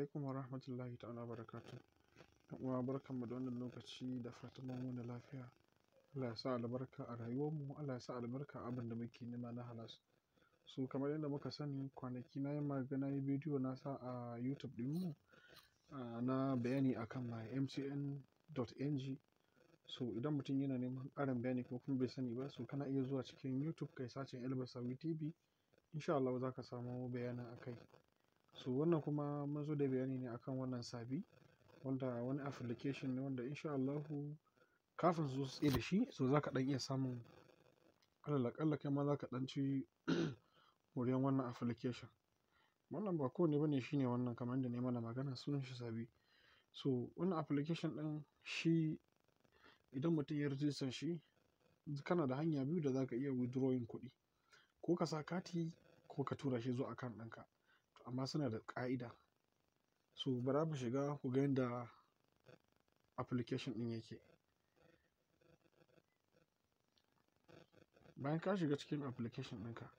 alaikum wa rahmatullahi ta'ala barakatu. Yan uwa mu da wannan lokaci da fatan mun wani lafiya. Allah ya sa albarka a rayuwarmu, Allah ya sa albarka a abin da muke nema na halas. So kamar yadda muka sani kwanaki na yi magana yi bidiyo na sa a YouTube mu na bayani akan my mtn.ng so idan mutum yana neman karin bayani ko kuma bai sani ba so kana iya zuwa cikin YouTube kai sacin Elbasa TV insha Allah za ka samu bayanan akai. So wannan kuma mun zo da bayani ne akan wannan sabi, wanda wani application ne wanda insha Allahu kafin su zo tsaye da shi, so za ka ɗan iya samun alal aƙalla kai ma za ka ɗan ci moriyan wannan application. Wannan ba kowane shi ne wannan kamar yadda na yi mana magana sunan shi sabi. So wannan application ɗin shi idan mutum ya rijistan shi kana da hanya biyu da za ka iya withdrawing kuɗi, ko ka sa kati ko ka tura shi zuwa account ɗinka. amma suna da ƙa'ida so bara mu shiga ku ga yadda application ɗin yake bayan ka shiga cikin application ɗinka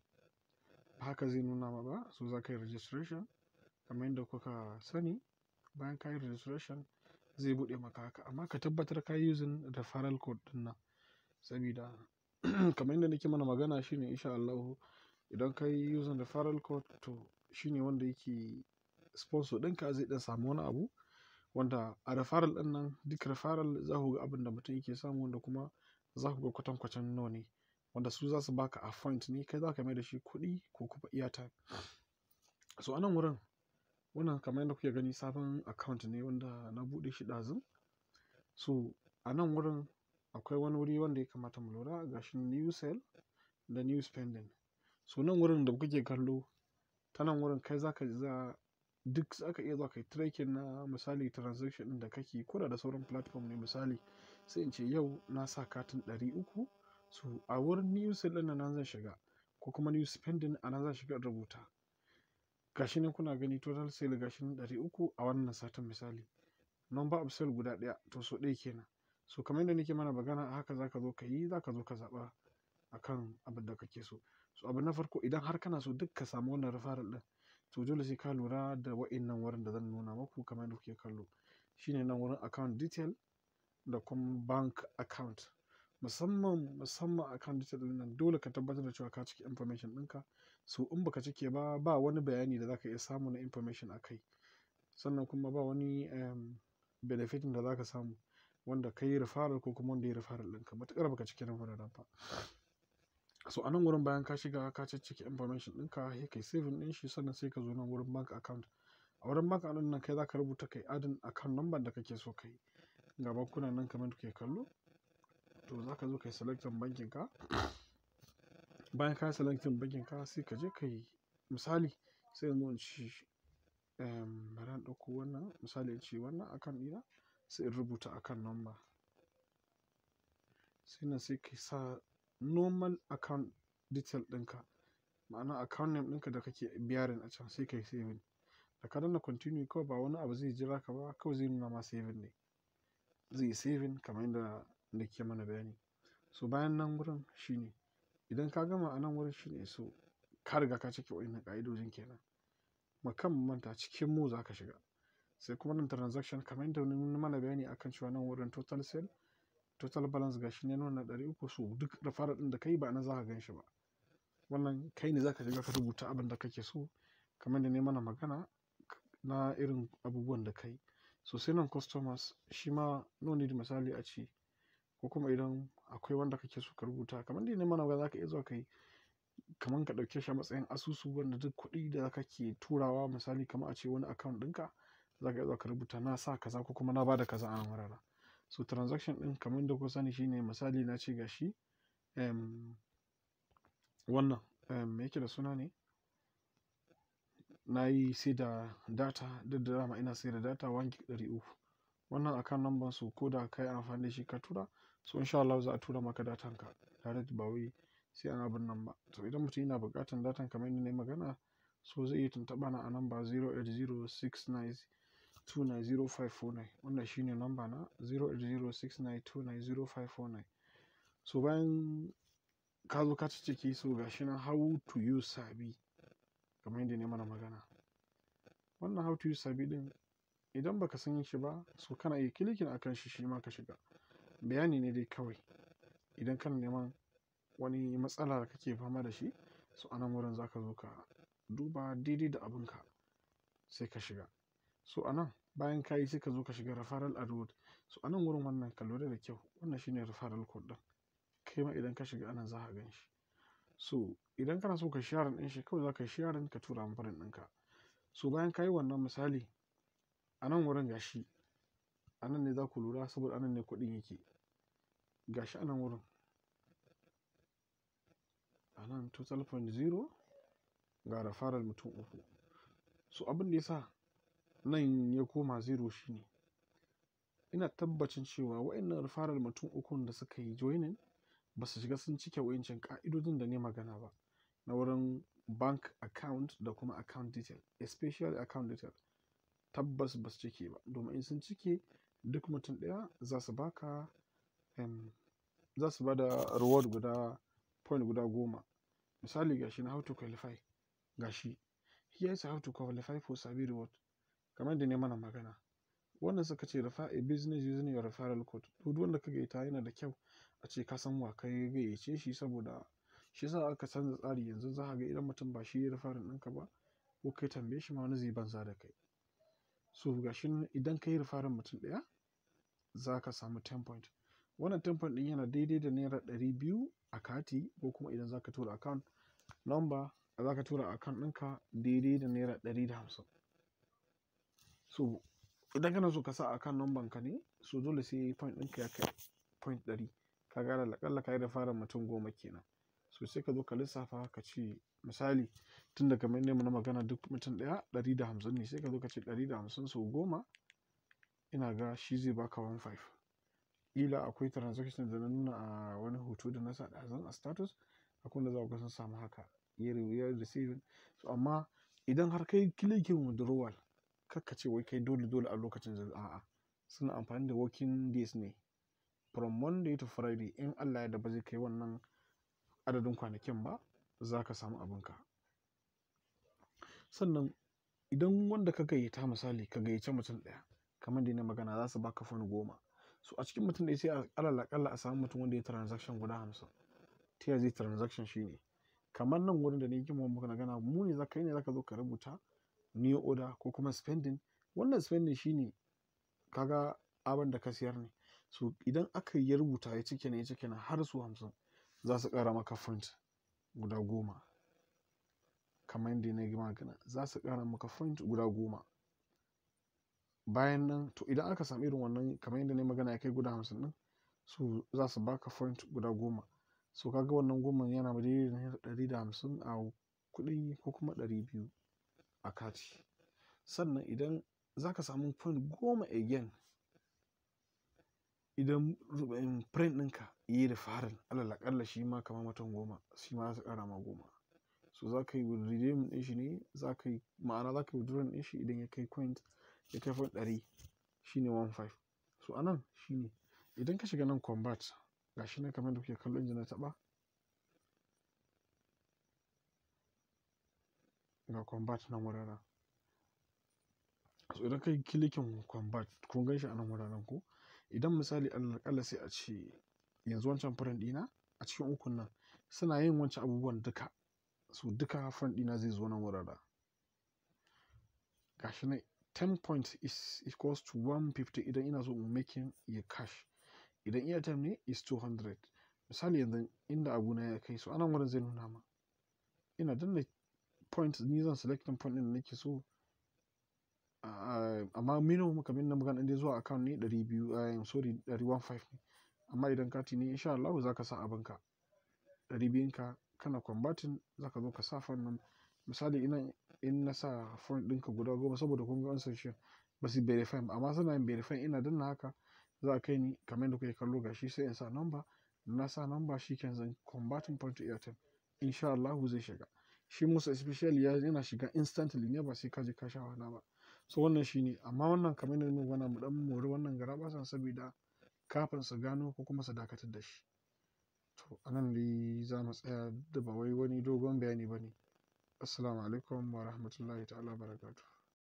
ba haka zai nuna ma ba so za ka yi registration kamar yadda kuka sani bayan ka yi registration zai buɗe maka haka amma ka tabbatar ka yi using referral code ɗin nan saboda kamar yadda nake mana magana shine insha Allah idan ka yi using referral code to shine wanda yake sponsor ɗinka zai ɗan samu wani abu wanda a referral ɗin nan duk referral za ku ga abin da mutum yake samu wanda kuma za ku ga kwatankwacin nawa ne wanda su za su baka a ne kai za ka mai da shi kuɗi ko kuma time so anan wurin wannan kamar yadda kuke gani sabon account ne wanda na buɗe shi ɗazun so a nan wurin akwai wani wuri wanda ya kamata mu lura ga shi new sale da new spending so nan wurin da kuke kallo ta nan wurin kai zaka za duk zaka iya zuwa kai tracking na misali transaction din da kake ko da sauran platform ne misali sai in ce yau na sa katin ɗari so a wurin new sale ɗin nan zan shiga ko kuma new spending a nan zan shiga rubuta gashi ne kuna gani total sale gashi ne ɗari uku a wannan satin misali number of sale guda ɗaya to so ɗaya kenan so kamar yadda nake mana magana a haka zaka zo ka yi zaka zo ka zaɓa akan abin da kake so so abu na farko idan har kana so duk ka samu wannan referral ɗin to dole sai ka lura da wa'innan wurin da zan nuna maku kamar yadda kuke kallo shine nan wurin account detail da kuma bank account musamman musamman account detail din nan dole ka tabbatar da cewa ka cike information ɗinka so in baka cike ba ba wani bayani da zaka iya samu na information a kai sannan kuma ba wani um, benefitin da zaka samu wanda ka yi referral ko kuma wanda ya referral ɗinka matuƙar baka cike nan wuraren ba so a nan wurin bayan ka shiga ka cicciki information ɗinka sai kai saving ɗin shi sannan sai ka zo nan wurin bank account a wurin bank account nan kai za ka rubuta kai adin account number da kake so kai ga bankuna nan kamar kuke kallo to za ka zo kai selectin bankin ka bayan ka selectin bankin ka sai ka je kai misali sai yanzu in ci bari in ɗauko wannan misali in ci wannan account ɗina sai in rubuta account number sai sai kai sa normal account detail ɗinka ma'ana account name ɗinka da kake biyarin a can sai ka yi saving da ka danna continue kawai ba wani abu zai jira ka ba kawai zai nuna ma saving ne zai yi saving kamar yadda da ke mana bayani so bayan nan wurin shine idan ka gama a nan wurin shine so ka riga ka cike wa'innan ƙa'idojin kenan makan manta cikin mu za ka shiga sai kuma nan transaction kamar yadda nuna mana bayani akan cewa nan wurin total sale total balance ga shi ne nuna ɗari uku so duk fara ɗin da kai ba nan za ka gan shi ba wannan kai ne za ka shiga ka rubuta abin da kake so kamar da ne mana magana na irin abubuwan da kai so sai nan customers shi ma no need misali a ce ko kuma idan akwai wanda kake so ka rubuta kamar da ne mana magana za ka iya zuwa kai kamar ka ɗauke shi a matsayin asusu wanda duk kuɗi da ke turawa misali kamar a ce wani account ɗinka za ka iya zuwa ka rubuta na sa kaza ko kuma na bada kaza a nan so transaction ɗin kamar da ku sani shine misali na ce gashi um, wannan me yake da suna ne na yi sai da data duk da dama ina sai da data 1 gig uku wannan akan number su ko da kai amfani da shi ka tura so insha Allah za a tura maka datan ka tare ba bawai sai an abin nan ba to idan mutum yana buƙatar data kamar yadda na magana so zai yi tuntuɓa na a namba 08069 08069290549 wannan shine namba na 08069290549 so bayan ka zo ka ciki so gashi na how to use sabi kamar yadda ne mana magana wannan how to use sabi din idan baka san shi ba so kana iya kilikin akan shi shi ma ka shiga bayani ne dai kawai idan kana neman wani matsala da kake fama da shi so anan wurin zaka zo ka duba daidai da abinka sai ka shiga so anan bayan ka yi sai ka zo ka shiga referral reward so anan wurin wannan ka lura da kyau wannan shine referral code din kai ma idan ka shiga anan za ka gan shi so idan kana so ka sharing din shi kawai za ka sharing ka tura mu farin ɗinka so bayan kayi wannan misali anan wurin gashi anan ne za ku lura saboda anan ne kuɗin yake gashi anan wurin anan total point zero ga referral mutum uku so abin da ya sa nan ya koma zero shine ina tabbacin cewa waɗannan farar mutum ukun da suka yi joining ba su shiga sun cike wayancin ka'idodin da ne magana ba na wurin bank account da kuma account detail especially account detail tabbas ba su cike ba domin in sun cike duk mutum ɗaya za su baka za su bada reward guda point guda goma misali gashi na how to qualify gashi here is how to qualify for sabi reward kamar da ne mana magana wannan suka ce a business using your referral code to duk wanda ka gaita yana da kyau a ce ka san wa kai gayyace shi saboda shi yasa aka canza tsari yanzu za ka ga idan mutum ba shi ya referral ɗinka ba ko kai tambaye shi ma wani zai banza da kai so shi idan ka yi referral mutum ɗaya za ka samu 10 point wannan 10 point ɗin yana daidai da naira ɗari biyu a kati ko kuma idan za ka tura account number za ka tura account ɗinka daidai da naira ɗari da hamsin so idan kana so ka sa akan numban ka ne so dole sai point ɗinka ya kai point ɗari ka gara laƙalla ka yi da fara mutum goma kenan so sai ka zo ka lissafa ka ce misali tun daga mai ne na magana duk mutum ɗaya ɗari da hamsin ne sai ka zo ka ce ɗari da hamsin sau goma ina ga shi zai baka one five ƙila akwai transaction da na nuna a wani hoto da na sa ɗazan a status akwai da za ku sun samu haka year receive so amma idan har kai kilikin withdrawal ka ce wai kai dole dole a lokacin zan a'a suna amfani da working days ne from monday to friday in allah ya ba zai kai wannan adadin kwanakin ba za ka samu abinka sannan idan wanda ka gayyata misali ka gayyace mutum ɗaya kamar da na magana za su baka fani goma so a cikin mutum da sai alal a samu mutum wanda ya transaction guda hamsin ta yaya zai transaction shine kamar nan wurin da ne yi gima magana mu ne za ka yi ne za ka zo ka rubuta new order ko kuma spending wannan spending shine kaga abin da ka siyar ne so idan aka yi rubuta ya cike ne ya cike har su hamsin za su ƙara maka font guda goma kamar yadda na yi magana za su ƙara maka font guda goma bayan nan to idan aka samu irin wannan kamar yadda na yi magana ya kai guda hamsin din so za su baka font guda goma so kaga wannan goma yana da ɗari da hamsin a kuɗi ko kuma ɗari biyu a kati sannan idan za ka samu point goma again idan print ɗinka yi da farin alal shi ma kamar matan goma shi ma za ƙara ma goma so za ka yi redeem ɗin shi ne za ka yi ma'ana za ka yi withdrawal ɗin shi idan ya kai point ya kai point ɗari shi ne 15 so anan shi ne idan ka shiga nan convert gashi nan kamar da kuke kallon injin na taɓa ga convert na murana so idan kai kilikin kwambat kun gan shi a nan wuraren ko idan misali alƙalla sai a ce yanzu wancan furen dina a cikin ukun nan suna yin wancan abubuwan duka su duka furen dina zai zo nan wuraren gashi ne 10 point is equals to 150 idan ina so in making ya cash idan iya time ne is 200 misali yanzu inda abuna ya kai so anan wurin zai nuna ma ina danna point ni zan selecting point ɗin da nake so ah, amma minimum kamar na magana dai zuwa account ne 200 eh, sorry 115 ne amma idan kati ne insha Allah za ka sa ka 200 ka kana combating za ka zo ka sa fannin misali ina in na sa font ɗinka guda goma saboda kun ga san shi ba su verify amma suna yin verify ina danna haka za a kai ni kamar da kuke kallo gashi sai in sa number na sa number shi kan zan combating point to airtime insha Allah zai shiga shi musu especially yana shiga instantly ne ba sai ka je ka sha wahala ba so wannan shi ne amma wannan kamar yadda mu gana mu dan mori wannan garabasan saboda kafin su gano ko kuma su dakatar da shi to anan dai za mu tsaya da ba wai wani dogon bayani bane assalamu alaikum wa rahmatullahi ta'ala barakatuh